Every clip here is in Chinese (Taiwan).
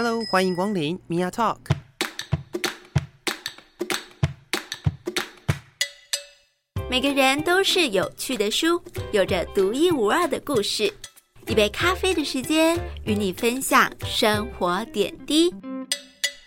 Hello，歡迎光臨 Mia Talk。每個人都是有趣的書，有着獨一無二的故事。一杯咖啡的時間，與你分享生活點滴。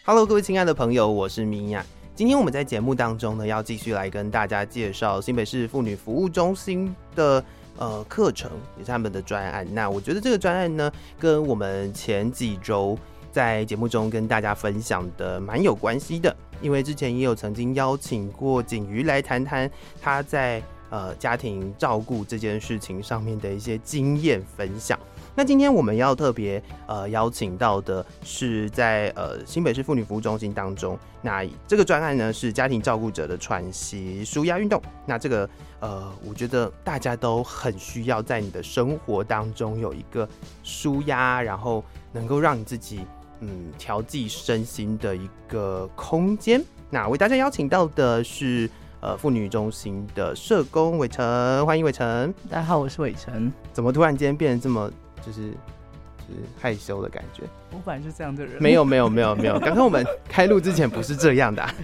Hello，各位親愛的朋友，我是 Mia。今天我們在節目當中呢，要繼續來跟大家介紹新北市婦女服務中心的呃課程，也是他們的專案。那我覺得這個專案呢，跟我們前幾週，在節目中跟大家分享的蠻有關係的，因為之前也有曾經邀請過景瑜來談談他在呃家庭照顧這件事情上面的一些經驗分享。那今天我們要特別呃邀請到的是在呃新北市婦女服務中心當中，那這個專案呢，是家庭照顧者的喘息舒壓運動。那這個呃，我覺得大家都很需要在你的生活當中有一個舒壓，然後能夠讓你自己。嗯，調劑身心的一個空間。那為大家邀請到的是，呃，婦女中心的社工偉成，歡迎偉成。大家好，我是偉成。怎麼突然間變得這麼就是，就是、害羞的感覺？我本來是這樣的人，沒有沒有沒有沒有，剛剛我們開錄之前不是這樣的、啊。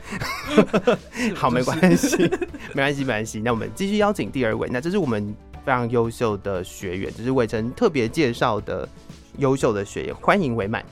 好，沒關係，沒關係沒關係。那我們繼續邀請第二位，那這是我們非常優秀的學員，這是偉成特別介紹的優秀的學員，歡迎偉滿。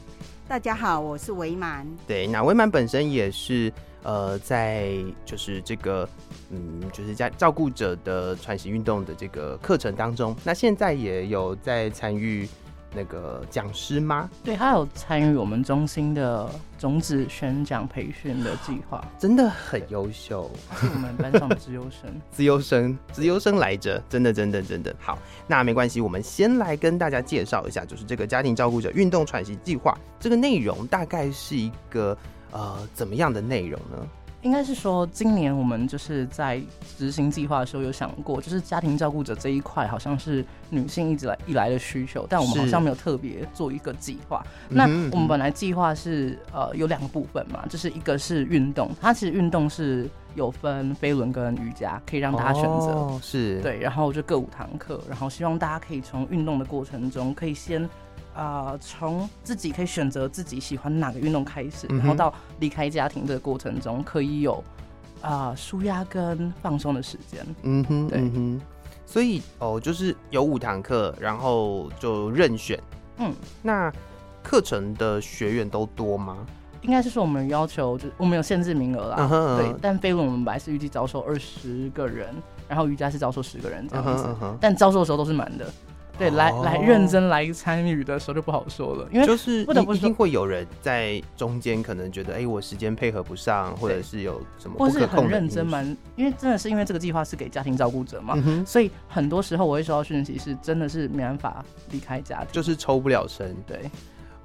大家好，我是偉滿。對，那偉滿本身也是呃，在就是這個嗯，就是家照顧者的喘息運動的這個課程當中，那現在也有在參與。那個講師嗎？對，他有參與我們中心的種子宣講培訓的計劃，真的很優秀，是我們班上的資優生，資優 生，資優生來着，真的，真的，真的好。那沒關係，我們先來跟大家介紹一下，就是這個家庭照顧者運動喘息計劃這個內容，大概是一個呃怎麼樣的內容呢？應該是說，今年我們就是在執行計劃的時候有想過，就是家庭照顧者這一塊好像是女性一直以來的需求，但我們好像沒有特別做一個計劃。是那我們本來計劃是呃有兩個部分嘛，就是一個是運動，它其實運動是有分飛輪跟瑜伽，可以讓大家選擇。哦，是對，然後就各五堂課，然後希望大家可以從運動的過程中可以先。啊，從、呃、自己可以選擇自己喜歡哪個運動開始，然後到離開家庭的過程中，可以有啊舒壓跟放鬆的時間。嗯哼，嗯哼對，所以哦，就是有五堂課，然後就任選。嗯，那課程的學員都多嗎？應該是說我們要求，就我們有限制名額啦。Uh huh, uh huh. 對，但飛輪我們本來是預計招收二十個人，然後瑜伽是招收十個人這樣子。Uh huh, uh huh. 但招收的時候都是滿的。對，來來認真來參與的時候就不好說了，因為就是，不得不是一定會有人在中間，可能覺得哎、欸，我時間配合不上，或者是有什麼不或是很認真嘛？因為真的是因為這個計劃是給家庭照顧者嘛，嗯、哼所以很多時候我會收到訊息是，是真的是沒辦法離開家庭，就是抽不了身。對，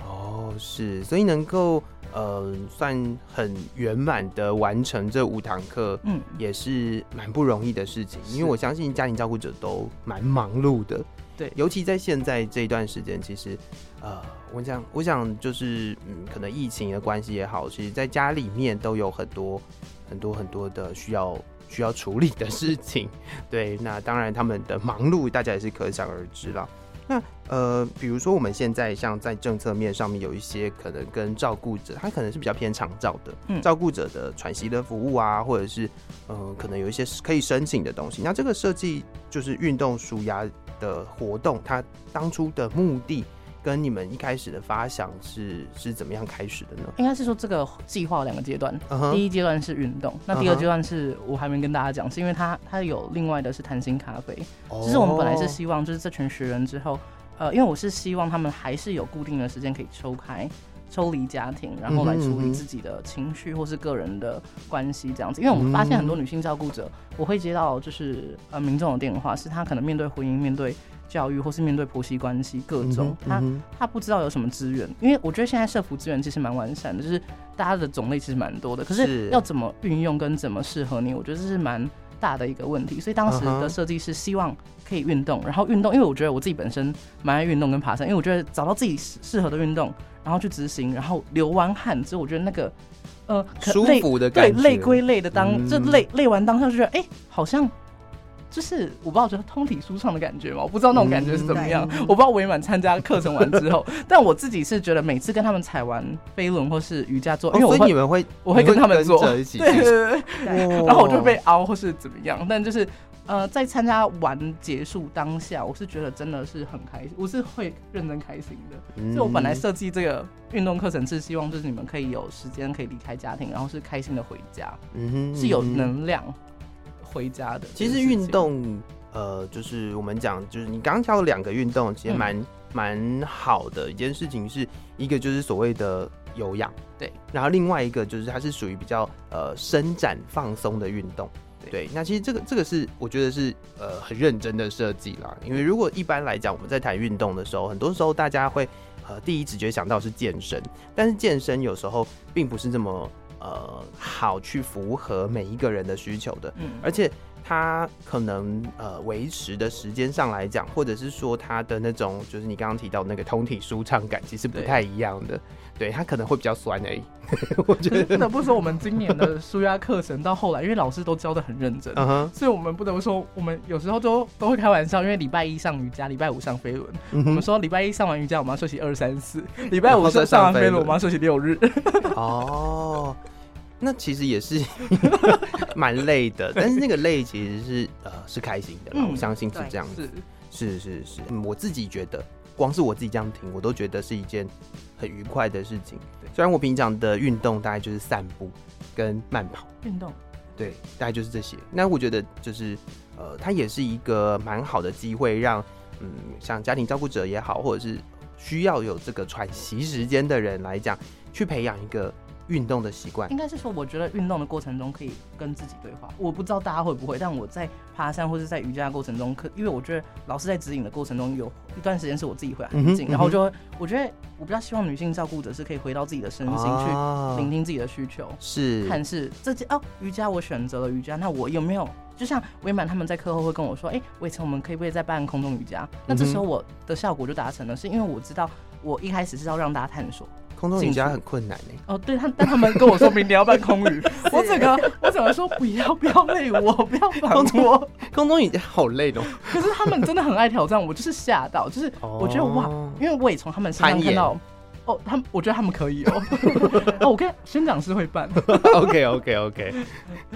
哦對，oh, 是，所以能夠嗯、呃、算很圓滿的完成這五堂課，嗯，也是蠻不容易的事情，是因為我相信家庭照顧者都蠻忙碌的。對，尤其在現在這一段時間，其實，呃，我想，我想就是，嗯，可能疫情的關係也好，其實在家裡面都有很多很多很多的需要需要處理的事情。對，那當然他們的忙碌，大家也是可想而知了。那呃，比如說我們現在像在政策面上面有一些可能跟照顧者，他可能是比較偏長照的，嗯，照顧者的喘息的服務啊，或者是，嗯、呃，可能有一些可以申請的東西。那這個設計就是運動舒壓。的活動，它當初的目的跟你們一開始的發想是是怎麼樣開始的呢？應該是說這個計劃兩個階段，uh huh. 第一階段是運動，那第二階段是、uh huh. 我還沒跟大家講，是因為它它有另外的是談心咖啡，就、oh. 是我們本來是希望就是這群學員之後，呃，因為我是希望他們還是有固定的時間可以抽開。抽離家庭，然後來處理自己的情緒或是個人的關係這樣子，因為我們發現很多女性照顧者，我會接到就是呃民眾的電話，是她可能面對婚姻、面對教育或是面對婆媳關係各種，她她不知道有什麼資源，因為我覺得現在社福資源其實蠻完善的，就是大家的種類其實蠻多的，可是要怎麼運用跟怎麼適合你，我覺得這是蠻大的一個問題，所以當時的設計是希望可以運動，然後運動，因為我覺得我自己本身蠻愛運動跟爬山，因為我覺得找到自己適適合的運動，然後去執行，然後流完汗之後，我覺得那個，呃，可累舒服的感覺，對，累歸累的當，當這累、嗯、累完當下就覺得，哎、欸，好像。就是我不知道我覺得通體舒暢的感覺嘛，我不知道那種感覺是怎麼樣。Mm hmm. 我不知道偉滿參加課程完之後， 但我自己是覺得每次跟他們踩完飛輪或是瑜伽做，因為我會、哦、所以你們會，我會跟他們做一起，對，對哦、然後我就會被凹或是怎麼樣。但就是呃，在參加完結束當下，我是覺得真的是很開心，我是會認真開心的。就、mm hmm. 我本來設計這個運動課程是希望，就是你們可以有時間可以離開家庭，然後是開心的回家，mm hmm. 是有能量。回家的，其實運動，呃，就是我們講，就是你剛剛挑了兩個運動，其實蠻蠻、嗯、好的一件事情是一個就是所謂的有氧，對，然後另外一個就是它是屬於比較呃伸展放鬆的運動，對。對，那其實這個這個是我覺得是呃很認真的設計啦，因為如果一般來講我們在談運動的時候，很多時候大家會呃第一直覺想到是健身，但是健身有時候並不是這麼。呃，好，去符合每一個人的需求的，嗯、而且。它可能呃維持的時間上來講，或者是說它的那種，就是你剛剛提到的那個通體舒暢感，其實不太一樣的。對，它可能會比較酸而已，欸。 我覺得不得不說，我們今年的舒壓課程到後來，因為老師都教得很認真，嗯、哼所以我們不得不說，我們有時候都都會開玩笑，因為禮拜一上瑜伽，禮拜五上飛輪。嗯、哼我們說禮拜一上完瑜伽，我們要休息二三四；禮拜五上上完飛輪，我們要休息六日。 哦。那其實也是蠻 累的，但是那個累其實是呃是開心的，嗯、我相信是這樣子，是,是是是、嗯、我自己覺得，光是我自己這樣聽，我都覺得是一件很愉快的事情。雖然我平常的運動大概就是散步跟慢跑，運動，對，大概就是這些。那我覺得就是呃，它也是一個蠻好的機會讓，讓嗯，像家庭照顧者也好，或者是需要有這個喘息時間的人來講，去培養一個。運動的習慣應該是說，我覺得運動的過程中可以跟自己對話。我不知道大家會不會，但我在爬山或者在瑜伽的過程中可，可因為我覺得老師在指引的過程中，有一段時間是我自己會很緊、嗯嗯、然後就我覺得我比較希望女性照顧者是可以回到自己的身心去聆聽自己的需求，是、哦，看是這些哦，瑜伽我選擇了瑜伽，那我有沒有就像偉滿他們在課後會跟我說，哎、欸，偉成，我們可以不可以再辦空中瑜伽，嗯、哼那這時候我的效果就達成了，是因為我知道我一開始是要讓大家探索。空中瑜伽很困難呢、欸。哦，對，他但他們跟我說明年要辦空瑜， 我整個，我整個說不要不要累，我不要空中。空中瑜伽好累的、哦。 可是他們真的很愛挑戰，我就是嚇到，就是我覺得哇，哦、因為我也從他們身上看到。Oh, 他們，我覺得他們可以哦。哦，我看宣講師會辦。OK，OK，OK，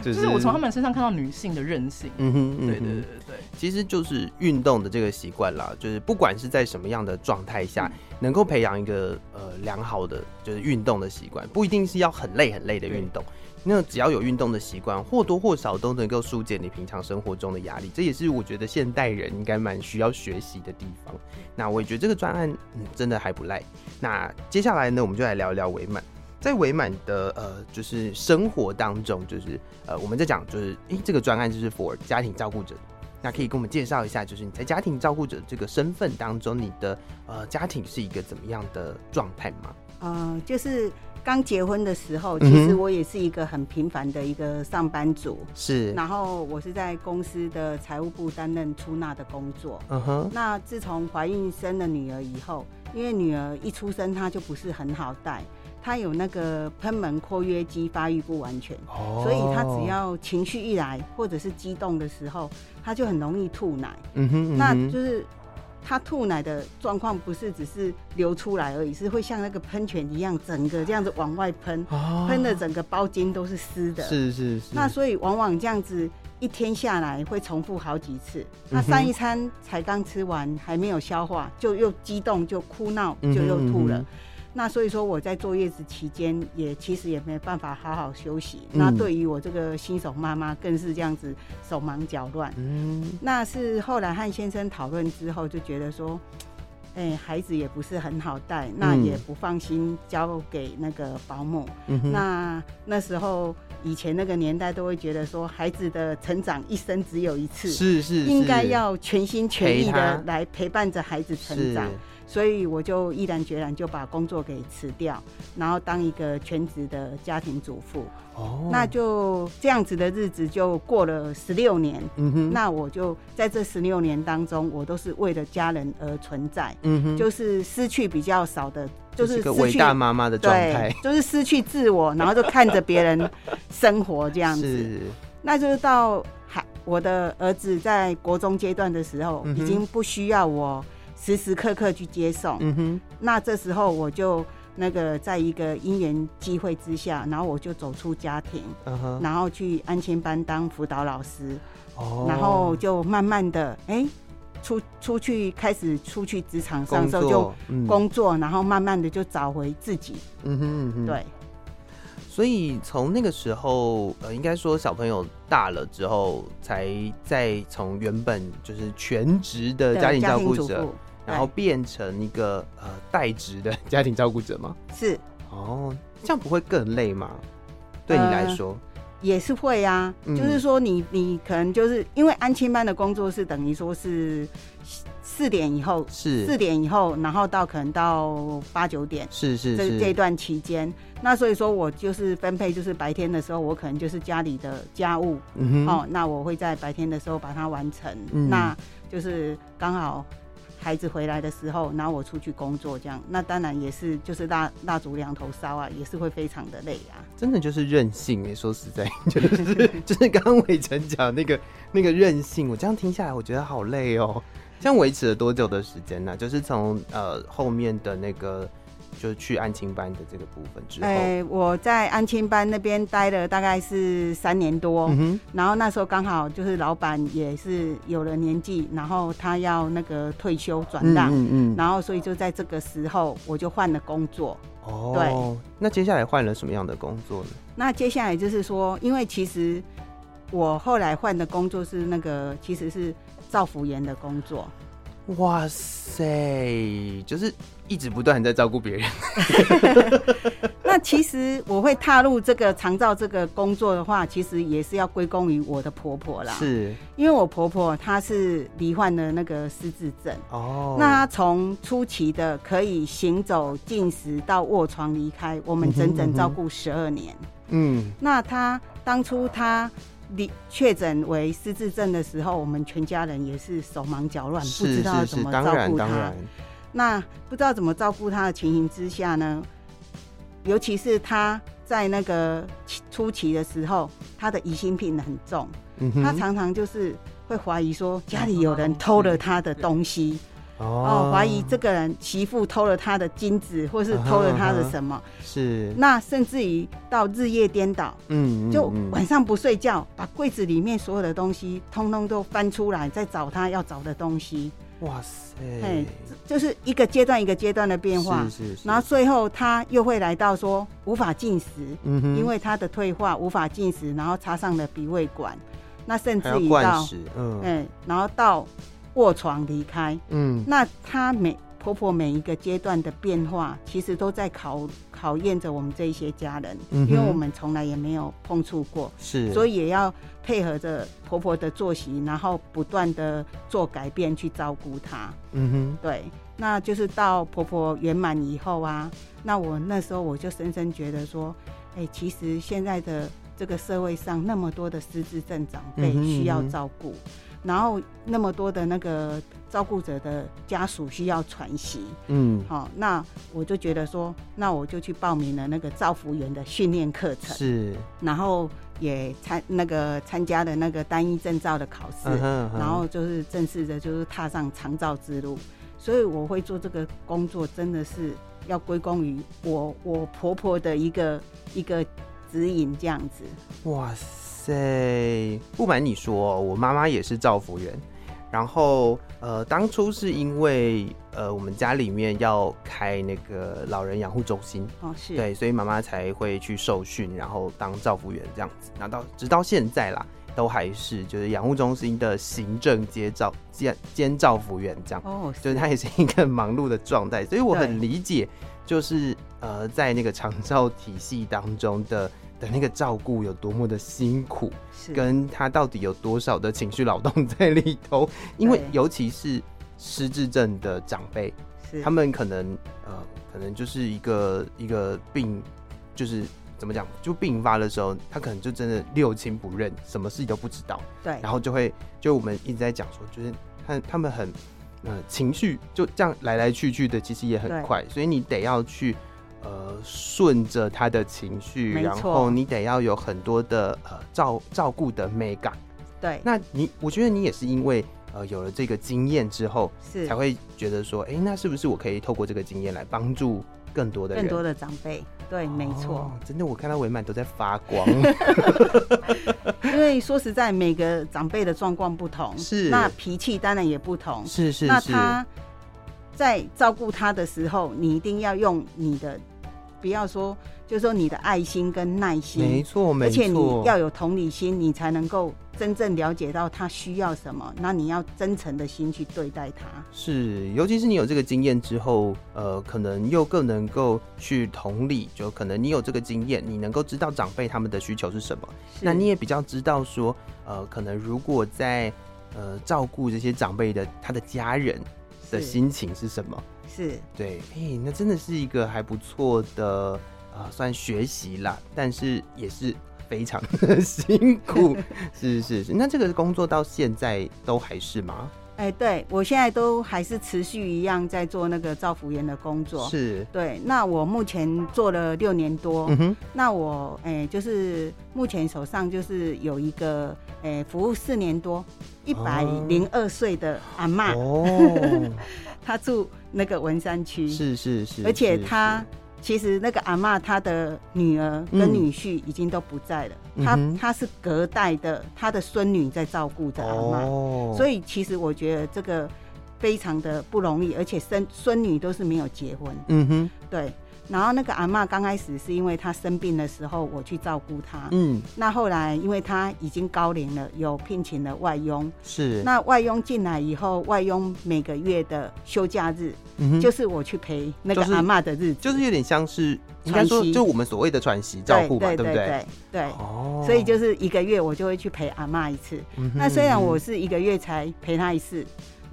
就是我從他們身上看到女性的韌性。嗯哼，對對對對，嗯、其實就是運動的這個習慣啦，就是不管是在什麼樣的狀態下，嗯、哼能夠培養一個呃良好的就是運動的習慣，不一定是要很累很累的運動。那只要有運動的習慣，或多或少都能夠疏解你平常生活中的壓力，這也是我覺得現代人應該蠻需要學習的地方。那我也覺得這個專案、嗯、真的還不賴。那接下來呢，我們就來聊一聊偉滿。在偉滿的呃，就是生活當中，就是呃，我們在講就是，誒、欸，這個專案就是 for 家庭照顧者。那可以跟我們介紹一下，就是你在家庭照顧者這個身份當中，你的呃家庭是一個怎麼樣的狀態嗎？嗯、呃，就是剛結婚的時候，其實我也是一個很平凡的一個上班族，是、嗯哼。然後我是在公司的財務部擔任出納的工作。嗯哼。那自從懷孕生了女兒以後，因為女兒一出生她就不是很好帶，她有那個賁門括約肌發育不完全，哦、所以她只要情緒一來或者是激動的時候，她就很容易吐奶。嗯哼，嗯哼，那就是。他吐奶的狀況不是只是流出來而已，是會像那個噴泉一樣，整個這樣子往外噴，噴的、哦、整個包巾都是濕的。是是是。那所以往往這樣子一天下來會重複好幾次。那上一餐才剛吃完，嗯哼，還沒有消化，就又激動就哭鬧，嗯哼嗯哼，就又吐了。嗯哼嗯哼那所以說我在坐月子期間也其實也沒辦法好好休息，嗯、那對於我這個新手媽媽更是這樣子手忙腳亂。嗯，那是後來和先生討論之後就覺得說，哎、欸，孩子也不是很好帶，那也不放心交給那個保姆、嗯。嗯那那時候以前那個年代都會覺得說孩子的成長一生只有一次，是、是是，應該要全心全意的來陪伴着孩子成長。是是是所以我就毅然決然就把工作給辭掉，然後當一個全職的家庭主婦。哦，那就這樣子的日子就過了十六年。嗯哼，那我就在這十六年當中，我都是為了家人而存在。嗯哼，就是失去比較少的，就是失去是個偉大媽媽的狀態，對，就是失去自我，然後就看着別人生活這樣子。 是那就到我的兒子在國中階段的時候，嗯、哼已經不需要我。時時刻刻去接送。嗯哼，那這時候我就那個在一個因緣機會之下，然後我就走出家庭。嗯、哼然後去安親班當輔導老師。哦、然後就慢慢的，哎、欸，出出去開始出去職場上，工作就工作，嗯、然後慢慢的就找回自己。嗯哼，嗯哼，對。所以從那個時候，呃，應該說小朋友大了之後，才再從原本就是全職的家庭照顧者。然後變成一個呃代職的家庭照顧者嗎？是哦，這樣不會更累嗎？對你來說、呃、也是會啊，嗯、就是說你你可能就是因為安親班的工作是等於說是四點以後是四點以後，然後到可能到八九點是是，是這，這這段期間，那所以說我就是分配就是白天的時候，我可能就是家裡的家務，嗯哼，哦，那我會在白天的時候把它完成，嗯哼，那就是剛好。孩子回來的時候，拿我出去工作，這樣，那當然也是，就是蠟蠟燭兩頭燒啊，也是會非常的累啊。真的就是任性，你說實在，就是 就是剛剛偉滿講那個那個任性，我這樣聽下來，我覺得好累哦、喔。這樣維持了多久的時間呢、啊？就是從呃後面的那個。就是去安親班的這個部分之後，哎、欸，我在安親班那邊待了大概是三年多，嗯、哼然後那時候剛好就是老闆也是有了年紀，然後他要那個退休轉讓，嗯、嗯嗯，然後所以就在這個時候我就換了工作，哦，對，那接下來換了什麼樣的工作呢？那接下來就是說，因為其實我後來換的工作是那個其實是照服員的工作，哇塞，就是。一直不斷在照顧別人。 那其實我會踏入這個長照這個工作的話，其實也是要歸功於我的婆婆啦。是，因為我婆婆她是罹患了那個失智症。哦，oh. 那從初期的可以行走進食到臥床離開，我們整整照顧十二年。嗯、mm，hmm, mm hmm. 那她當初她離確診為失智症的時候，我們全家人也是手忙腳亂，不知道怎麼照顧她。那不知道怎麼照顧他的情形之下呢，尤其是他在那個初期的時候，他的疑心病很重，嗯、哼他常常就是會懷疑說家裡有人偷了他的東西，嗯嗯、哦，懷、哦、疑這個人媳婦偷了他的金子，或是偷了他的什麼？啊、是，那甚至於到日夜顛倒，嗯，嗯，嗯，就晚上不睡覺，把櫃子裡面所有的東西通通都翻出來，再找他要找的東西。哇塞！哎，就是一個階段一個階段的變化，是，是，是，是，然後最後他又會來到說無法進食，嗯哼，因為他的退化無法進食，然後插上了鼻胃管，那甚至於到，嗯，哎，然後到臥床離開，嗯，那他每。婆婆每一個階段的變化，其實都在考考驗着我們這一些家人，嗯哼，因為我們從來也沒有碰觸過，是，所以也要配合着婆婆的作息，然後不斷的做改變去照顧她。嗯哼，對，那就是到婆婆圓滿以後啊，那我那時候我就深深覺得說，哎、欸，其實現在的這個社會上那麼多的失智症長輩需要照顧。嗯哼嗯哼。然後那麼多的那個照顧者的家屬需要喘息，嗯，好、哦，那我就覺得說，那我就去報名了那個照服員的訓練課程，是，然後也參那個參加了那個單一證照的考試，uh huh, uh huh，然後就是正式的，就是踏上長照之路。所以我會做這個工作，真的是要歸功於我我婆婆的一個一個指引，這樣子。哇塞！在不瞞你說，我媽媽也是照服員，然後呃，當初是因為呃，我們家裡面要開那個老人養護中心，哦，是對，所以媽媽才會去受訓，然後當照服員，這樣子，然後到直到現在啦，都還是就是養護中心的行政接照兼兼照服員，這樣，哦，是就是他也是一個忙碌的狀態，所以我很理解，就是對呃，在那個長照體系當中的。那個照顧有多麼的辛苦，是跟他到底有多少的情緒勞動在裡頭？對因為尤其是失智症的長輩，是他們可能呃，可能就是一個一個病，就是怎麼講，就病發的時候，他可能就真的六親不認，什麼事情都不知道。對，然後就會就我們一直在講說，就是他他們很嗯、呃，情緒就這樣來來去去的，其實也很快，對所以你得要去。呃，順着他的情緒，錯然後你得要有很多的呃照照顧的美感。對，那你我覺得你也是因為呃有了這個經驗之後，是才會覺得說，哎、欸，那是不是我可以透過這個經驗來幫助更多的人更多的長輩？對，哦、沒錯錯，真的，我看到偉滿都在發光。 因為說實在，每個長輩的狀況不同，是那脾氣當然也不同，是，是是。那他在照顧他的時候，你一定要用你的。不要說，就是說你的愛心跟耐心，沒錯錯，沒錯，而且你要有同理心，錯你才能夠真正了解到他需要什麼。那你要真誠的心去對待他。是，尤其是你有這個經驗之後，呃，可能又更能夠去同理，就可能你有這個經驗，你能夠知道長輩他們的需求是什麼，是那你也比較知道說，呃，可能如果在呃照顧這些長輩的他的家人的心情是什麼。是對，嘿、欸，那真的是一個還不錯的啊、呃，算學習啦，但是也是非常的辛苦， 是是是。那這個工作到現在都還是嗎？哎、欸，對我現在都還是持續一樣在做那個照服員的工作。是對，那我目前做了六年多，嗯、哼那我哎、欸，就是目前手上就是有一個哎、欸，服務四年多，一百零二歲的阿嬤，他、哦、 住。那個文山區是是是，而且他是是是其實那個阿嬤他的女兒跟女婿已經都不在了，嗯、他、嗯、哼他是隔代的，他的孫女在照顧着阿嬤，哦、所以其實我覺得這個非常的不容易，而且孫孫女都是沒有結婚，嗯哼，對。然後那個阿嬤剛開始是因為她生病的時候，我去照顧她，嗯，那後來因為她已經高齡了，有聘請了外傭，是，那外傭進來以後，外傭每個月的休假日，嗯、哼就是我去陪那個阿嬤的日子，就是、就是有點像是喘息，應該說就我們所謂的喘息照顧嘛，息對不對，對，對？對，哦對，oh、所以就是一個月我就會去陪阿嬤一次，嗯、哼那雖然我是一個月才陪她一次。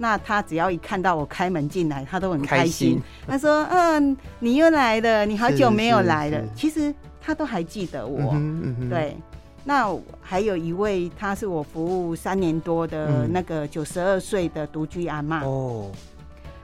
那他只要一看到我開門進來，他都很開心。開心他說：“嗯，你又來了，你好久沒有來了。”其實他都還記得我。嗯嗯、對，那還有一位，他是我服務三年多的那個九十二歲的獨居阿嬤。哦、嗯，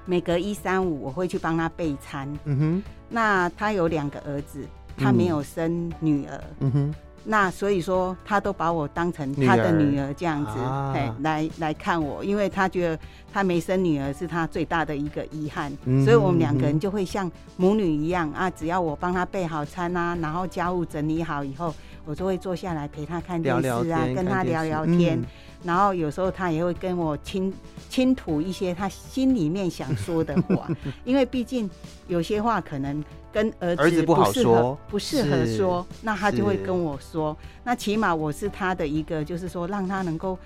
每隔一三五我會去幫他備餐。嗯、哼那他有兩個兒子，他沒有生女兒。嗯嗯那所以說，他都把我當成他的女兒這樣子，啊、來來看我，因為他覺得他沒生女兒是他最大的一個遺憾，嗯嗯所以我們兩個人就會像母女一樣啊，只要我幫他備好餐啊，然後家務整理好以後，我就會坐下來陪他看電視啊，聊聊跟他聊聊天。然後有時候他也會跟我傾傾吐一些他心裡面想說的話， 因為畢竟有些話可能跟兒子不適合兒子不好說，不適合說，是那他就會跟我說。是那起碼我是他的一個，就是說讓他能夠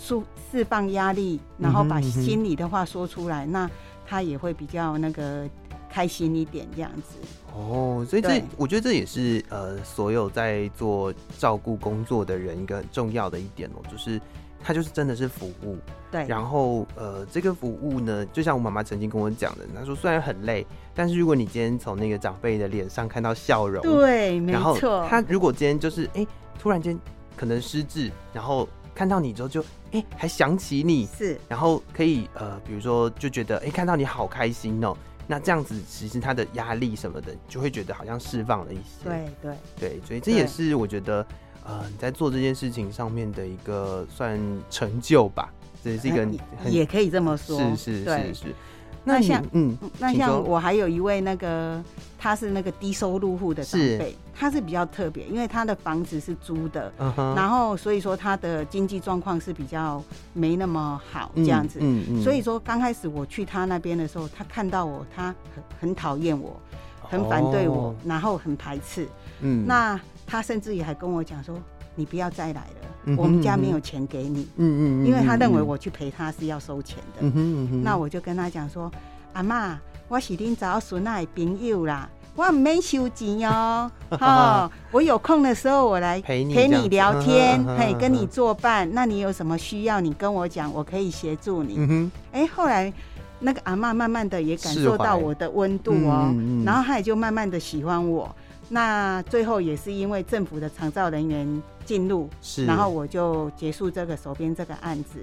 釋釋放壓力，然後把心裡的話說出來，嗯哼嗯哼那他也會比較那個開心一點，這樣子。哦，所以這對我覺得這也是呃，所有在做照顧工作的人一個很重要的一點哦，就是。它就是真的是服務，對。然後呃，這個服務呢，就像我媽媽曾經跟我講的，她說雖然很累，但是如果你今天從那個長輩的臉上看到笑容，對，然後，沒錯。他如果今天就是哎，突然間可能失智，然後看到你之後就哎，還想起你是，然後可以呃，比如說就覺得哎，看到你好開心哦，那這樣子其實他的壓力什麼的，就會覺得好像釋放了一些，對對對，所以這也是我覺得，呃，你在做這件事情上面的一個算成就吧，這是一個你也可以這麼說，是是是是對。那像嗯，那像我還有一位那個，他是那個低收入戶的長輩，是他是比較特別，因為他的房子是租的，uh huh、然後所以說他的經濟狀況是比較沒那麼好這樣子。嗯嗯。嗯嗯，所以說剛開始我去他那邊的時候，他看到我，他很討厭我，很反對我，oh. 然後很排斥。嗯，那。他甚至也還跟我講說：“你不要再來了，我們家沒有錢給你。”嗯嗯，因為他認為我去陪他是要收錢的。嗯，那我就跟他講說：“阿媽，我是定找孫奶的朋友啦，我沒收錢哦。好，我有空的時候我來陪你聊天，嘿，跟你作伴。那你有什麼需要，你跟我講，我可以協助你。”嗯哼，哎，後來那個阿媽慢慢的也感受到我的溫度哦，然後他也就慢慢的喜歡我。那最後也是因為政府的長照人員進入，是然後我就結束這個手邊這個案子。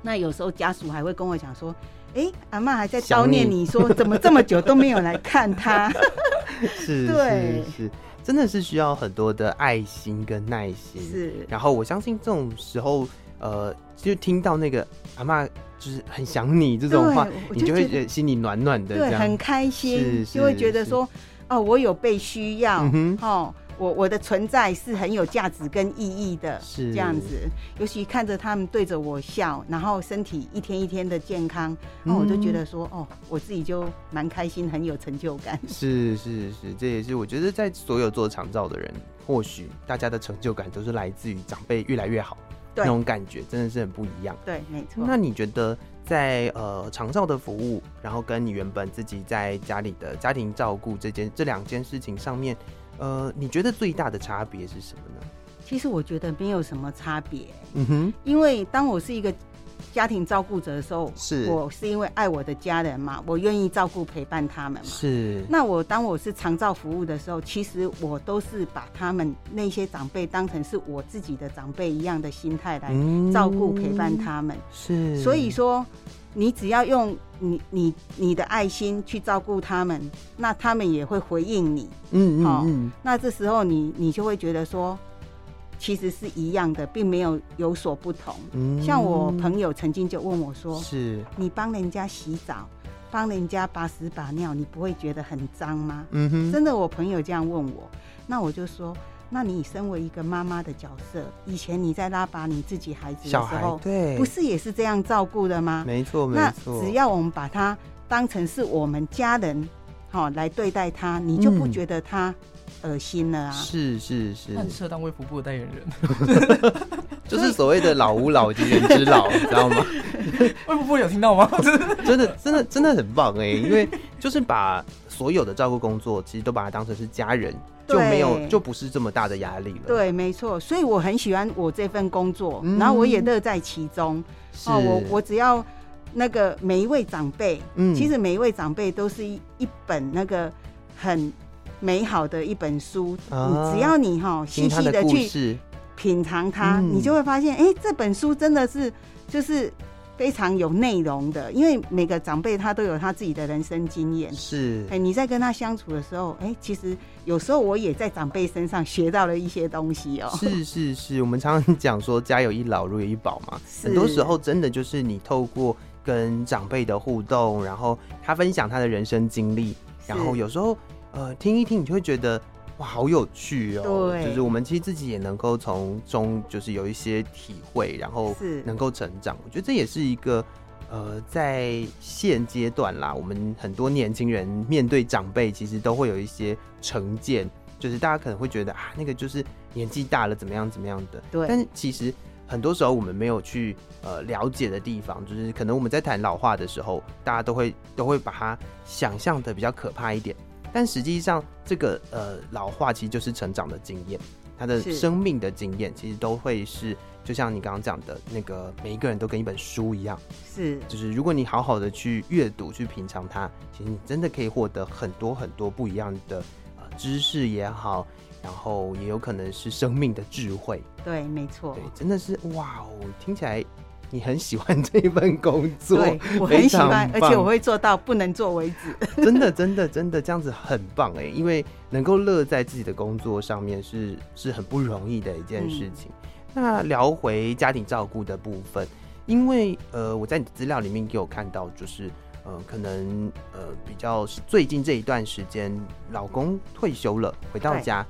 那有時候家屬還會跟我講說：“哎、欸，阿媽還在叨念你說想你 怎麼這麼久都沒有來看他。”是，是，真的是需要很多的愛心跟耐心。是，然後我相信這種時候，呃，就聽到那個阿媽就是很想你這種話，就你就會心裡暖暖的，對，很開心，就會覺得說。哦，我有被需要，嗯哼哦，我我的存在是很有價值跟意義的，是這樣子。是尤其看着他們對着我笑，然後身體一天一天的健康，嗯哼哦，我就覺得說，哦，我自己就蠻開心，很有成就感。是是是，這也是我覺得在所有做長照的人，或許大家的成就感都是來自於長輩越來越好。對那種感覺真的是很不一樣。對，沒錯。那你覺得在呃長照的服務，然後跟你原本自己在家裡的家庭照顧這件這兩件事情上面，呃，你覺得最大的差別是什麼呢？其實我覺得沒有什麼差別。嗯哼，因為當我是一個。家庭照顧者的時候，是我是因為愛我的家人嘛，我願意照顧陪伴他們嘛。是。那我當我是長照服務的時候，其實我都是把他們那些長輩當成是我自己的長輩一樣的心態來照顧陪伴他們。是、嗯。所以說，你只要用你你你的愛心去照顧他們，那他們也會回應你。嗯好、嗯哦嗯、那這時候你你就會覺得說其實是一樣的，並沒有有所不同。嗯，像我朋友曾經就問我說：“是，你幫人家洗澡，幫人家把屎把尿，你不會覺得很髒嗎？”嗯哼，真的，我朋友這樣問我，那我就說：“那你身為一個媽媽的角色，以前你在拉拔你自己孩子的時候，對，不是也是這樣照顧的嗎？沒錯，沒錯。那只要我們把他當成是我們家人，好來對待他，你就不覺得他、嗯。”惡心了啊！是是是，很適合當微服部的代言人，就是所謂的老吾老及人之老， 你知道嗎？微 服 部有聽到嗎？ 真的真的真的很棒哎，因為就是把所有的照顧工作，其實都把它當成是家人，對就沒有就不是這麼大的壓力了。對，沒錯，所以我很喜歡我這份工作，然後我也樂在其中。嗯哦、我我只要那個每一位長輩，嗯，其實每一位長輩都是一一本那個很。美好的一本書，啊、你只要你哈細細的去品嘗它，嗯、你就會發現，哎、欸，這本書真的是就是非常有內容的。因為每個長輩他都有他自己的人生經驗，是哎、欸，你在跟他相處的時候，哎、欸，其實有時候我也在長輩身上學到了一些東西哦、喔。是是是，我們常常講說“家有一老，如有一寶”嘛，是很多時候真的就是你透過跟長輩的互動，然後他分享他的人生經歷，是然後有時候。呃，聽一聽，你就會覺得哇，好有趣哦！對，就是我們其實自己也能夠從中，就是有一些體會，然後能夠成長。是。我覺得這也是一個，呃，在現階段啦，我們很多年輕人面對長輩，其實都會有一些成見，就是大家可能會覺得啊，那個就是年紀大了，怎麼樣怎麼樣的。對。但是其實很多時候我們沒有去呃了解的地方，就是可能我們在談老化的時候，大家都會都會把它想象的比較可怕一點。但實際上，這個呃老化，其實就是成長的經驗，他的生命的經驗其實都會是，就像你剛剛講的，那個每一個人都跟一本書一樣，是，就是如果你好好的去閱讀、去品嘗它，其實你真的可以獲得很多很多不一樣的、呃、知識也好，然後也有可能是生命的智慧。對，沒錯，對，真的是哇哦，聽起來。你很喜歡這份工作，對，我很喜歡，而且我會做到不能做為止。 真的，真的，真的這樣子很棒哎、欸，因為能夠樂在自己的工作上面是是很不容易的一件事情。嗯、那聊回家庭照顧的部分，因為呃，我在你的資料裡面也有看到，就是、呃、可能呃比較最近這一段時間，老公退休了，回到家。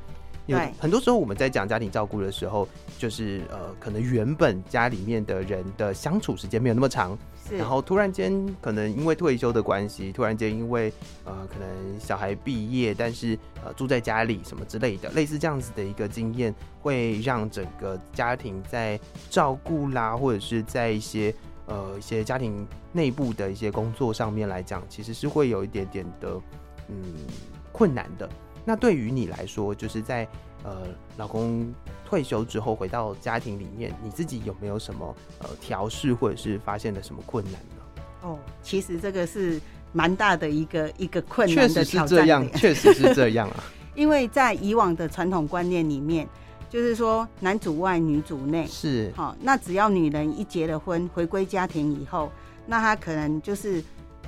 因為很多時候我們在講家庭照顧的時候，就是呃，可能原本家裡面的人的相處時間沒有那麼長，然後突然間，可能因為退休的關係，突然間因為呃，可能小孩畢業，但是呃，住在家裡什麼之類的，類似這樣子的一個經驗，會讓整個家庭在照顧啦，或者是在一些呃一些家庭內部的一些工作上面來講，其實是會有一點點的嗯困難的。那對於你來說，就是在呃，老公退休之後回到家庭裡面，你自己有沒有什麼呃調適，或者是發現了什麼困難呢？哦，其實這個是蠻大的一個一個困難的挑戰，確實是這樣確實是這樣啊。 因為在以往的傳統觀念裡面，就是說男主外，女主內，是好，哦，那只要女人一結了婚，回歸家庭以後，那她可能就是。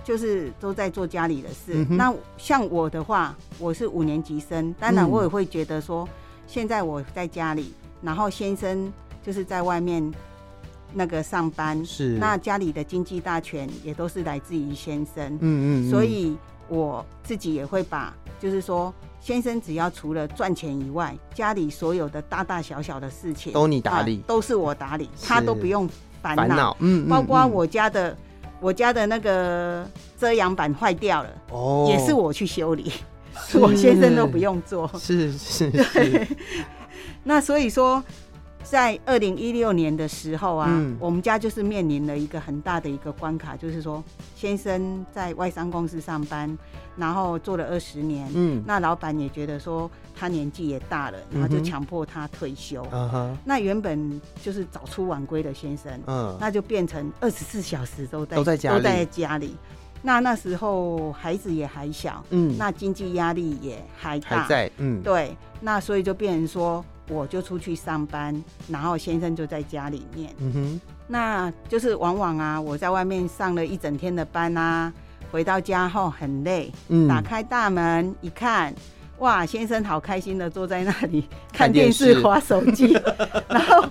就是都在做家裡的事。嗯、哼那像我的話，我是五年級生，當然我也會覺得說，嗯、現在我在家裡，然後先生就是在外面那個上班。是。那家裡的經濟大權也都是來自於先生。嗯，嗯嗯。所以我自己也會把，就是說，先生只要除了賺錢以外，家裡所有的大大小小的事情都你打理，呃，都是我打理，是他都不用煩惱。煩惱。嗯，嗯，嗯。包括我家的。我家的那個遮陽板壞掉了，oh, 也是我去修理，是 我先生都不用做，是是，是是對， 那所以說。在二零一六年的時候啊，嗯，我們家就是面臨了一個很大的一個關卡，就是說先生在外商公司上班，然後做了二十年，嗯，那老闆也覺得說他年紀也大了，然後就強迫他退休。嗯哼，那原本就是早出晚歸的先生，嗯，那就變成二十四小時都在都在家，都在家裡。那那時候孩子也還小，嗯，那經濟壓力也還大還在，嗯，對，那所以就變成說。我就出去上班，然後先生就在家裡面。嗯、哼那就是往往啊，我在外面上了一整天的班啊，回到家後很累。嗯、打開大門一看，哇，先生好開心的坐在那裡看電視、電視滑手機， 然後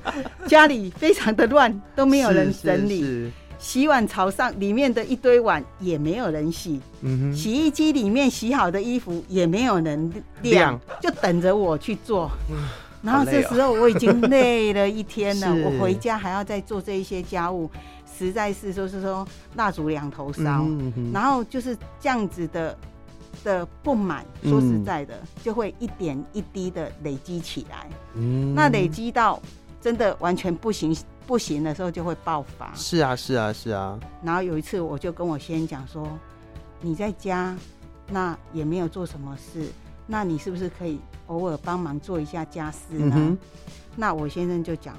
家裡非常的亂， 都沒有人整理。是是是洗碗朝上，裡面的一堆碗也沒有人洗。嗯、哼洗衣機裡面洗好的衣服也沒有人晾，亮就等着我去做。嗯然後這時候我已經累了一天了， 是我回家還要再做這一些家務，實在是就是說蠟燭兩頭燒，嗯哼嗯哼然後就是這樣子的的不滿，嗯、說實在的，就會一點一滴的累積起來。嗯，那累積到真的完全不行不行的時候，就會爆發。是啊，是啊，是啊。然後有一次我就跟我先生講說，你在家那也沒有做什麼事。那你是不是可以偶爾幫忙做一下家事呢？嗯、哼那我先生就講，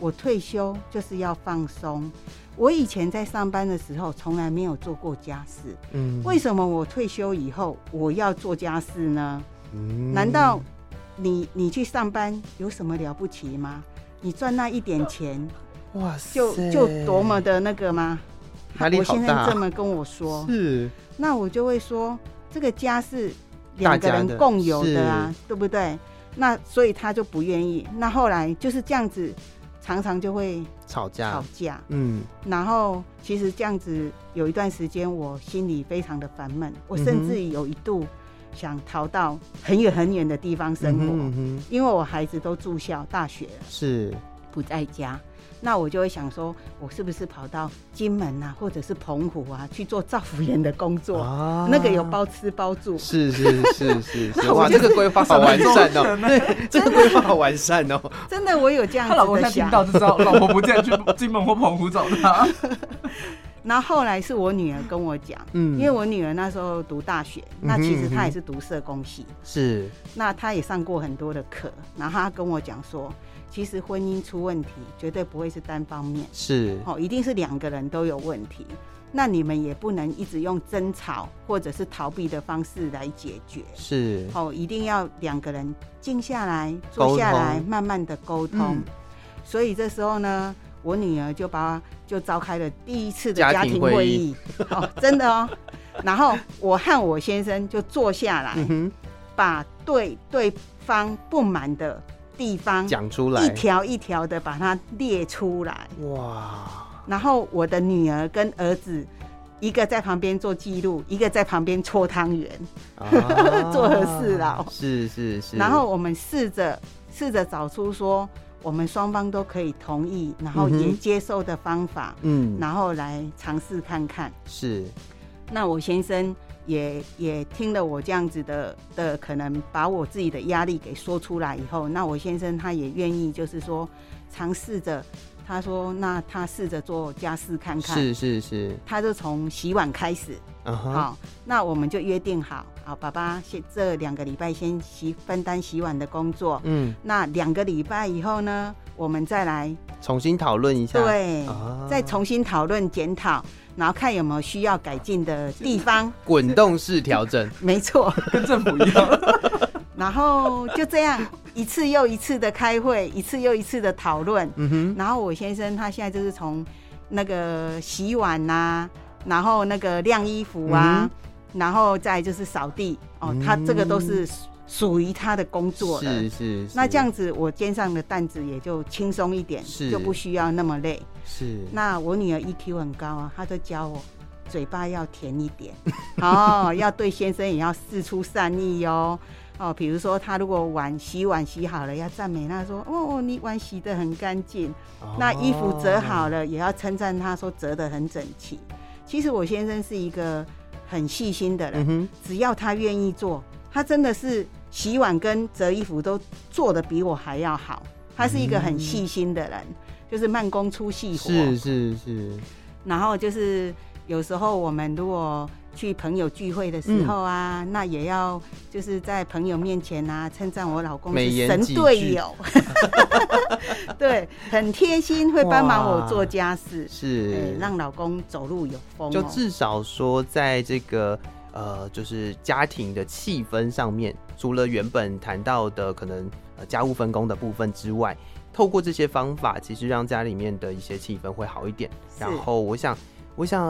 我退休就是要放鬆。我以前在上班的時候從來沒有做過家事，嗯、為什麼我退休以後我要做家事呢？嗯、難道你你去上班有什麼了不起嗎？你賺那一點錢，哇塞，就就多麼的那個嗎？我先生這麼跟我說，是。那我就會說，這個家事。兩個人共有的啊，的對不對？那所以他就不願意。那後來就是這樣子，常常就會吵架，吵架。嗯。然後其實這樣子有一段時間，我心裡非常的煩悶。我甚至有一度想逃到很遠很遠的地方生活，嗯哼嗯哼，因為我孩子都住校，大學了，是不在家。那我就會想說，我是不是跑到金門啊，或者是澎湖啊，去做造福人的工作？啊，那個有包吃包住。是是是是是， 就哇，這個規劃好完善哦！對，這個規劃好完善哦。 真的， 我有這樣子的想。他老婆才聽到就知道，老婆不這樣去金門或澎湖找他 。然 後，後來是我女兒跟我講，嗯，因為我女兒那時候讀大學，嗯、哼哼那其實她也是讀社工系，嗯、哼哼是。那她也上過很多的課，然後她跟我講說。其實婚姻，出問題絕對不會是單方面，是、哦、一定是兩個人都有問題。那你們也不能一直用爭吵或者是逃避的方式來解決，是、哦、一定要兩個人靜下來坐下來，溝通，慢慢的溝通。嗯、所以這時候呢，我女兒就把就召開了第一次的家庭會議，會議 哦，真的哦。然後我和我先生就坐下來，嗯哼、把對對方不滿的地方講出來，一條一條的把它列出來。哇！然後我的女兒跟兒子，一個在旁邊做記錄，一個在旁邊搓湯圓、啊，做何事，是是是。然後我們試着試着找出說，我們雙方都可以同意，然後也接受的方法。嗯哼，然後來嘗試看看。是，那我先生。也也聽了我這樣子的的，可能把我自己的壓力給說出來以後，那我先生他也願意，就是說嘗試着。他說：“那他試着做家事看看。”是是是，他就從洗碗開始。好、uh huh 哦，那我們就約定好，好，爸爸先這兩個禮拜先洗分擔洗碗的工作。嗯，那兩個禮拜以後呢，我們再來重新討論一下。對，uh huh、再重新討論檢討，然後看有沒有需要改進的地方。滾動式調整， 沒錯，跟政府一樣。 然後就這樣一次又一次的開會，一次又一次的討論。嗯、哼然後我先生他現在就是從那個洗碗吶、啊，然後那個晾衣服啊，嗯、然後再就是掃地哦，嗯、他這個都是屬於他的工作了。是，是是。那這樣子，我肩上的擔子也就輕鬆一點，是就不需要那麼累。是。那我女兒 EQ 很高啊，她就教我。嘴巴要甜一點，哦， 要對先生也要釋出善意喲、哦。哦，比如說他如果碗洗碗洗好了，要讚美他說：“哦你碗洗得很乾淨。哦”那衣服折好了，對也要稱讚他說：“折得很整齊。”其實我先生是一個很細心的人，嗯、哼只要他願意做，他真的是洗碗跟折衣服都做得比我還要好。他是一個很細心的人，嗯、就是慢工出細活。是是是，是是然後就是。有時候我們如果去朋友聚會的時候啊，嗯、那也要就是在朋友面前啊稱讚我老公是神隊友， 對，很貼心，會幫忙我做家事，是、欸、讓老公走路有風、哦。就至少說，在這個呃，就是家庭的氣氛上面，除了原本談到的可能家務分工的部分之外，透過這些方法，其實讓家裡面的一些氣氛會好一點。是然後我想。我想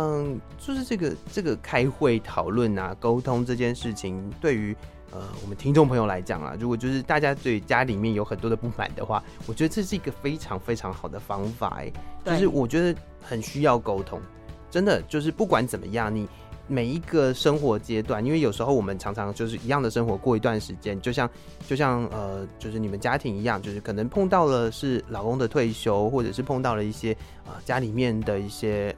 就是這個這個開會討論啊溝通這件事情對，對於呃我們聽眾朋友來講啊，如果就是大家對家裡面有很多的不滿的話，我覺得這是一個非常非常好的方法哎、欸，對就是我覺得很需要溝通，真的就是不管怎麼樣，你每一個生活階段，因為有時候我們常常就是一樣的生活過一段時間，就像就像呃就是你們家庭一樣，就是可能碰到了是老公的退休，或者是碰到了一些啊、呃、家裡面的一些。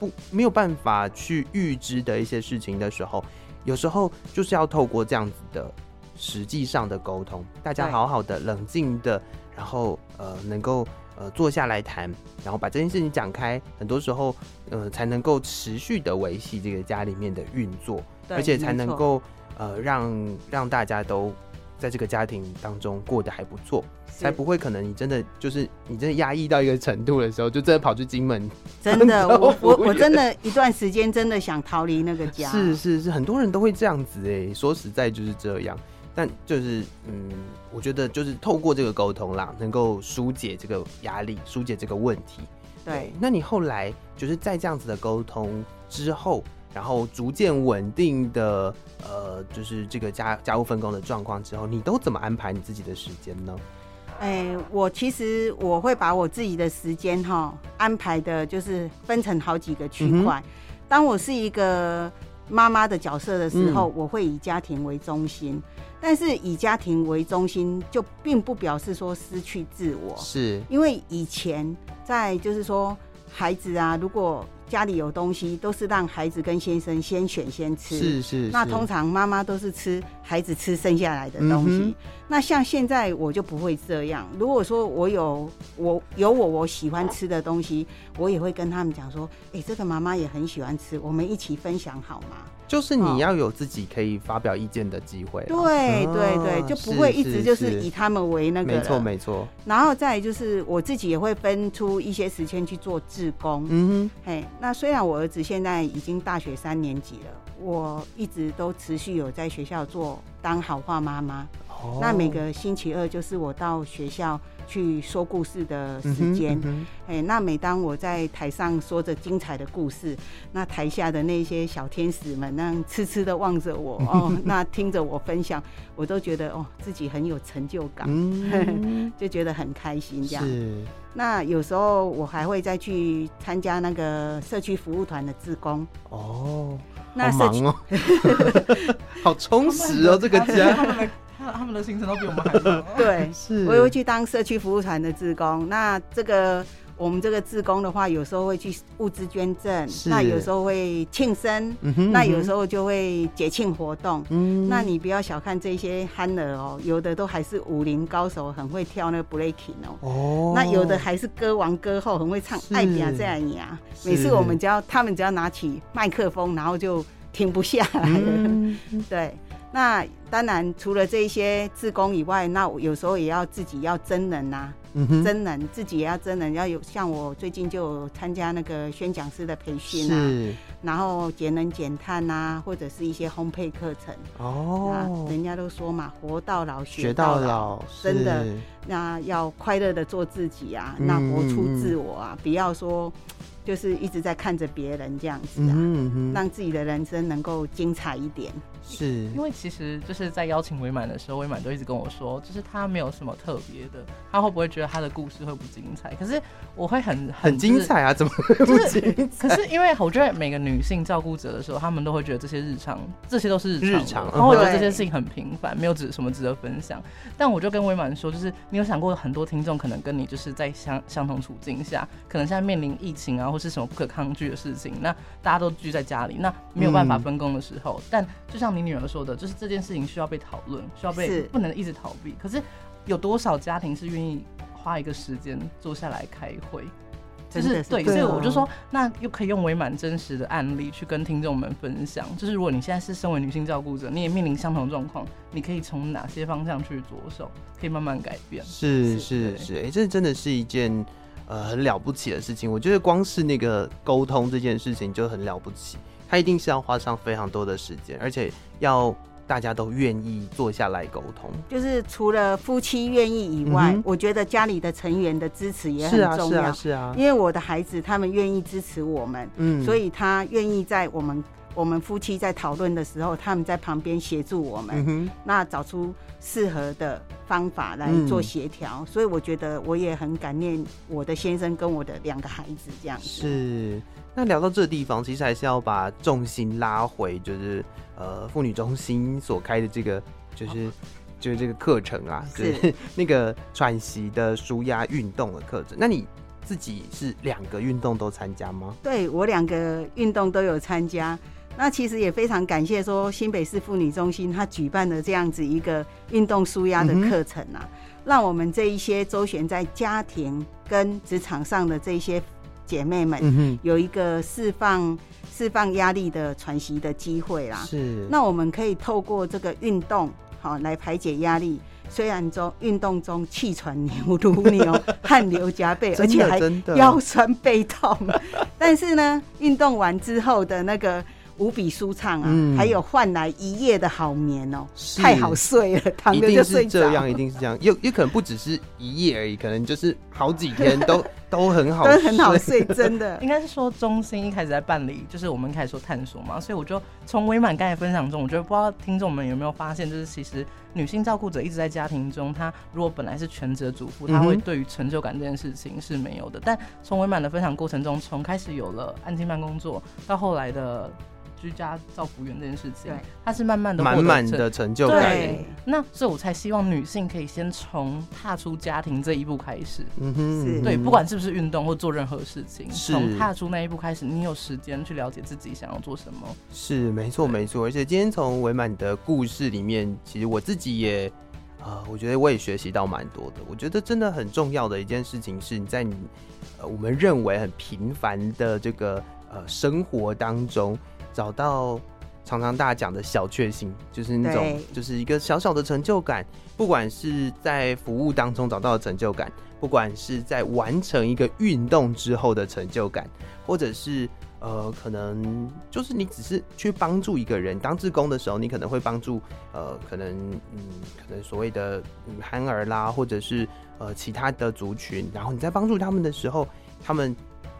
不，沒有辦法去預知的一些事情的時候，有時候就是要透過這樣子的實際上的溝通，大家好好的、對冷靜的，然後呃，能夠呃坐下來談，然後把這件事情講開，很多時候呃才能夠持續的維繫這個家裡面的運作，對而且才能夠錯呃讓讓大家都。在這個家庭當中過得還不錯，是才不會可能你真的就是你真的壓抑到一個程度的時候，就真的跑去金門。真的， 我我我真的，一段時間真的想逃離那個家。是是是，很多人都會這樣子誒，說實在就是這樣。但就是嗯，我覺得就是透過這個溝通啦，能夠疏解這個壓力，疏解這個問題。對，對，那你後來就是在這樣子的溝通之後，然後逐漸穩定的。呃，就是這個家家務分工的狀況之後，你都怎麼安排你自己的時間呢？哎、欸，我其實我會把我自己的時間哈安排的，就是分成好幾個區塊。嗯、當我是一個媽媽的角色的時候，嗯、我會以家庭為中心，但是以家庭為中心就並不表示說失去自我，是因為以前在就是說。孩子啊，如果家裡有東西，都是讓孩子跟先生先選先吃。是是，是是那通常媽媽都是吃，孩子吃剩下來的東西。嗯哼。那像現在我就不會這樣。如果說我有我有我我喜歡吃的東西，我也會跟他們講說：“哎、欸，這個媽媽也很喜歡吃，我們一起分享好嗎？”就是你要有自己可以發表意見的機會、哦，對對對，就不會一直就是以他們為那個，是是是，沒錯沒錯。然後再就是我自己也會分出一些時間去做志工，嗯哼，嘿。那雖然我兒子現在已經大學三年級了，我一直都持續有在學校做當好話媽媽。哦，那每個星期二就是我到學校，去說故事的時間，哎、嗯嗯，那每當我在台上說着精彩的故事，那台下的那些小天使們呢，痴痴的望着我、嗯、哼哦，那聽着我分享，我都覺得哦自己很有成就感、嗯哼呵呵，就覺得很開心這樣。是。那有時候我還會再去參加那個社區服務團的志工。哦。那社區好充實哦，這個家。他們的行程都比我們還多。對，是，我也會去當社區服務團的志工。那這個我們這個志工的話，有時候會去物資捐贈，是那有時候會慶生，嗯嗯，那有時候就會節慶活動。嗯，那你不要小看這些憨兒哦、喔，有的都還是武林高手，很會跳那個 breaking、喔、哦。那有的還是歌王歌後，很會唱愛比啊這樣。是每次我們只要他們只要拿起麥克風，然後就停不下來了。嗯、對。那當然，除了這些志工以外，那我有時候也要自己要真人吶、啊，嗯、哼真人自己也要真人，要有像我最近就參加那個宣講師的培訓啊，是然後節能減碳啊，或者是一些烘焙課程哦，人家都說嘛，活到老,到老學到老，是真的。那要快樂的做自己啊，那活出自我啊，嗯、不要說就是一直在看着別人這樣子啊，嗯哼嗯哼，讓自己的人生能夠精彩一點。是，因為其實就是在邀請偉滿的時候，偉滿都一直跟我說，就是他沒有什麼特別的，他會不會覺得他的故事會不精彩？可是我會很很，很精彩啊，是怎麼會不精彩？可是因為我覺得每個女性照顧者的時候，他們都會覺得這些日常，這些都是日常，日常然後會覺得這些事情很平凡，對沒有值什麼值得分享。但我就跟偉滿說，就是。你有想過，很多聽眾可能跟你就是在相相同處境下，可能現在面臨疫情啊，或是什麼不可抗拒的事情，那大家都聚在家裡，那沒有辦法分工的時候，嗯、但就像你女兒說的，就是這件事情需要被討論，需要被是不能一直逃避。可是有多少家庭是願意花一個時間坐下來開會？是，就是對，所以我就說，那又可以用偉滿真實的案例去跟聽眾們分享。就是如果你現在是身為女性照顧者，你也面臨相同狀況，你可以從哪些方向去着手，可以慢慢改變？是是是，哎是、欸，這真的是一件呃很了不起的事情。我覺得光是那個溝通這件事情就很了不起，它一定是要花上非常多的時間，而且要。大家都願意坐下來溝通，就是除了夫妻願意以外，嗯哼。我覺得家裡的成員的支持也很重要。是啊，是啊，是啊，因為我的孩子他們願意支持我們，嗯，所以他願意在我們。我們夫妻在討論的時候，他們在旁邊協助我們，嗯、哼那找出適合的方法來做協調。嗯、所以我覺得我也很感念我的先生跟我的兩個孩子這樣子。是，那聊到這個地方，其實還是要把重心拉回，就是呃，婦女中心所開的這個，就是、啊、就是這個課程啊，是，就是那個喘息的舒壓運動的課程。那你自己是兩個運動都參加嗎？對，我兩個運動都有參加。那其實也非常感謝說新北市婦女中心他舉辦了這樣子一個運動舒壓的課程啊，嗯、哼讓我們這一些周旋在家庭跟職場上的這些姐妹們，有一個釋放釋、嗯、哼放壓力的喘息的機會啦，啊。是。那我們可以透過這個運動好，喔，來排解壓力，雖然中運動中氣喘牛如牛， 汗流浹背，的而且還腰酸背痛，的但是呢，運動完之後的那個。無比舒暢啊，嗯、還有換來一夜的好眠哦、喔，是太好睡了，躺著就睡著，一定是這樣，一定是這樣。也也可能不只是一夜而已，可能就是好幾天都 都很好，都很好睡。真的，應該是說中心一開始在辦理，就是我們一開始說探索嘛，所以我就從偉滿剛才的分享中，我覺得不知道聽眾們有沒有發現，就是其實女性照顧者一直在家庭中，她如果本來是全職的主婦，她會對於成就感這件事情是沒有的。嗯嗯，但從偉滿的分享過程中，從開始有了安親班工作到後來的。居家照護員這件事情，對，它是慢慢的，滿滿的成就感。那所以我才希望女性可以先從踏出家庭這一步開始。嗯哼，對，不管是不是運動或做任何事情，從是踏出那一步開始，你有時間去了解自己想要做什麼。是，沒錯，對沒錯。而且今天從偉滿的故事裡面，其實我自己也，呃、我覺得我也學習到蠻多的。我覺得真的很重要的一件事情是，你在你、呃、我們認為很平凡的這個呃生活當中。找到常常大家講的小確幸，就是那種對就是一個小小的成就感，不管是在服務當中找到的成就感，不管是在完成一個運動之後的成就感，或者是呃，可能就是你只是去幫助一個人當志工的時候，你可能會幫助呃，可能嗯，可能所謂的嗯憨兒啦，或者是呃其他的族群，然後你在幫助他們的時候，他們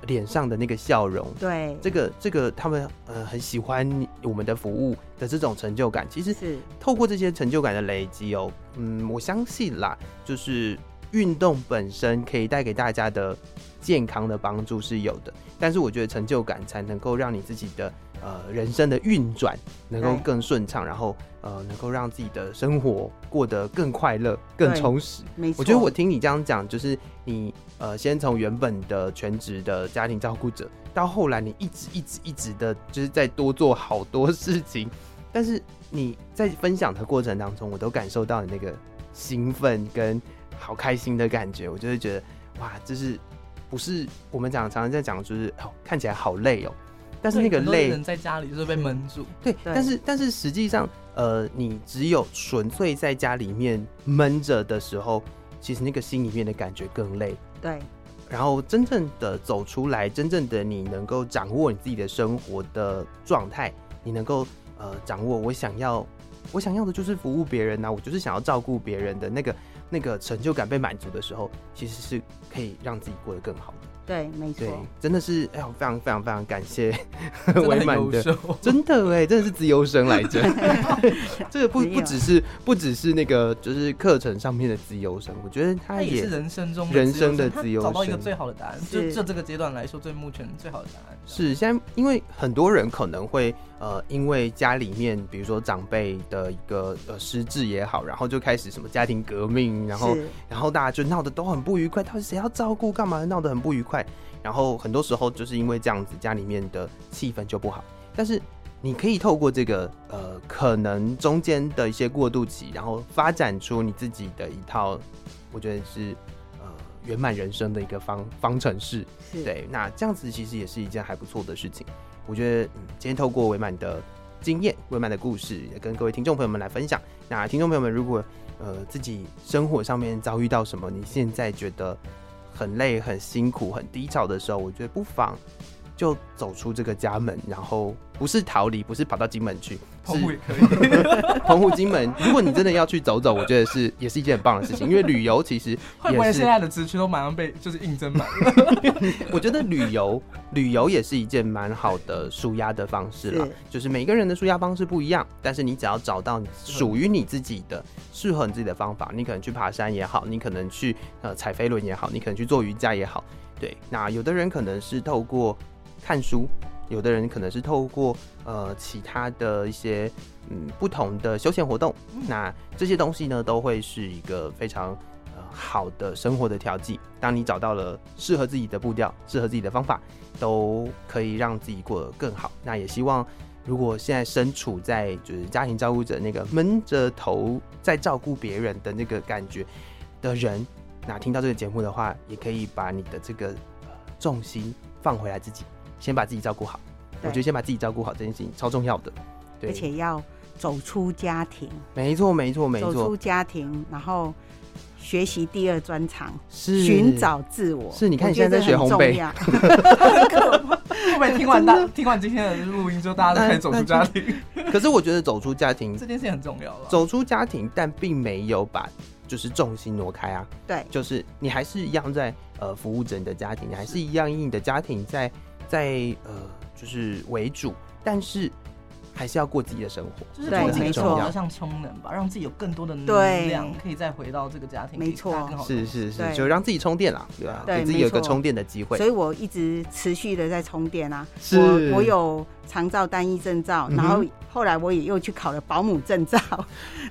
臉上的那個笑容，對，這個這個他們呃很喜歡我們的服務的這種成就感，其實是透過這些成就感的累積哦，嗯，我相信啦，就是運動本身可以帶給大家的健康的幫助是有的，但是我覺得成就感才能夠讓你自己的。呃，人生的運轉能夠更順暢，對 然後呃，能夠讓自己的生活過得更快樂、更充實。沒錯，我覺得我聽你這樣講，就是你呃，先從原本的全職的家庭照顧者，到後來你一直一直一直的，就是在多做好多事情。但是你在分享的過程當中，我都感受到你那個興奮跟好開心的感覺。我就會覺得，哇，就是不是我們講常常在講，就是、哦、看起來好累哦。但是那個累，在家裡就是被悶住。對，對但，但是但是實際上，對呃，你只有純粹在家裡面悶着的時候，其實那個心裡面的感覺更累。對。然後真正的走出來，真正的你能夠掌握你自己的生活的狀態，你能夠呃掌握。我想要，我想要的就是服務別人吶、啊，我就是想要照顧別人的那個。那個成就感被滿足的時候，其實是可以讓自己過得更好的。對，沒錯，真的是哎呦，我非常非常非常感謝。偉滿的，真的哎， 真的是資優生來着。 這個不不只是不只是那個，就是課程上面的資優生，我覺得他也是人生中人生的資優生，資優生找到一個最好的答案，是就就這個階段來說，最目前最好的答案。是現在，因為很多人可能會呃，因為家裡面比如說長輩的一個呃失智也好，然後就開始什麼家庭革命。然後，是然後大家就鬧得都很不愉快，到底誰要照顧，幹嘛鬧得很不愉快。然後很多時候就是因為這樣子，家裡面的氣氛，就不好。但是你可以透過這個，呃，可能中間的一些過渡期，然後發展出你自己的一套，我覺得是呃圓滿人生的一個方方程式。是對，那這樣子其實也是一件還不錯的事情。我覺得今天透過偉滿的經驗、偉滿的故事，也跟各位聽眾朋友們來分享。那聽眾朋友們如果。呃，自己生活上面遭遇到什麼，你現在覺得很累、很辛苦、很低潮的時候，我覺得不妨。就走出這個家門，然後不是逃離，不是跑到金門去，澎湖也可以。 澎湖金門，如果你真的要去走走，我覺得是也是一件很棒的事情。因為旅遊其實，會不會現在的職缺都馬上被就是應徵滿？我覺得旅遊旅遊也是一件蠻好的舒壓的方式了。嗯、就是每個人的舒壓方式不一樣，但是你只要找到屬於你自己的適合你自己的方法，你可能去爬山也好，你可能去呃踩飛輪也好，你可能去做瑜伽也好。對，那有的人可能是透過。看書，有的人可能是透過呃其他的一些嗯不同的休閒活動，那這些東西呢，都會是一個非常呃好的生活的調劑。當你找到了適合自己的步調，適合自己的方法，都可以讓自己過得更好。那也希望如果現在身處在就是家庭照顧者那個悶着頭在照顧別人的那個感覺的人，那聽到這個節目的話，也可以把你的這個重心放回來自己。先把自己照顧好，對我覺得先把自己照顧好這件事情超重要的，而且要走出家庭。沒錯，沒錯，沒錯，走出家庭，然後學習第二專長，是尋找自我。是你看，你現在在學烘焙啊，可不可聽完大？的聽完今天的錄音，就大家都開始走出家庭。 可是我覺得走出家庭這件事很重要了。走出家庭，但並沒有把就是重心挪開啊。對，就是你還是一樣在呃服務着你的家庭，你還是一樣以你的家庭在。在呃，就是為主，但是還是要過自己的生活。就是做幾個重要，像充能吧，讓自己有更多的能量，可以再回到這個家庭，沒錯。是是是，就讓自己充電啦，對吧？給自己有一個充電的機會。所以我一直持續的在充電啊。是，我有長照單一證照，然後後來我也又去考了保姆證照，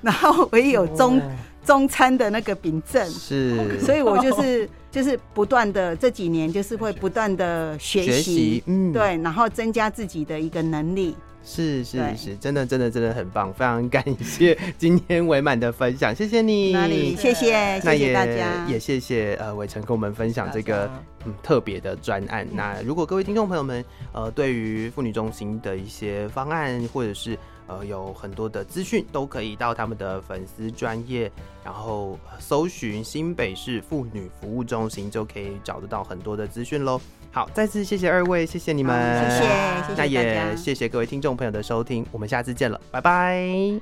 然後我也有中中餐的那個丙證，是。所以我就是。就是不斷的這幾年，就是會不斷的學習，學習嗯，對，然後增加自己的一個能力。是是對是，是，是，真的真的真的很棒，非常感謝今天偉滿的分享，謝謝你，哪裡？謝謝，大家。也謝謝呃偉成跟我們分享這個家嗯特別的專案。嗯、那如果各位聽眾朋友們呃對於婦女中心的一些方案或者是。呃，有很多的資訊都可以到他們的粉絲專頁，然後搜尋新北市婦女服務中心，就可以找得到很多的資訊嘍。好，再次謝謝二位，謝謝你們，謝謝，謝謝，那也謝謝各位聽眾朋友的收聽，我們下次見了，拜拜。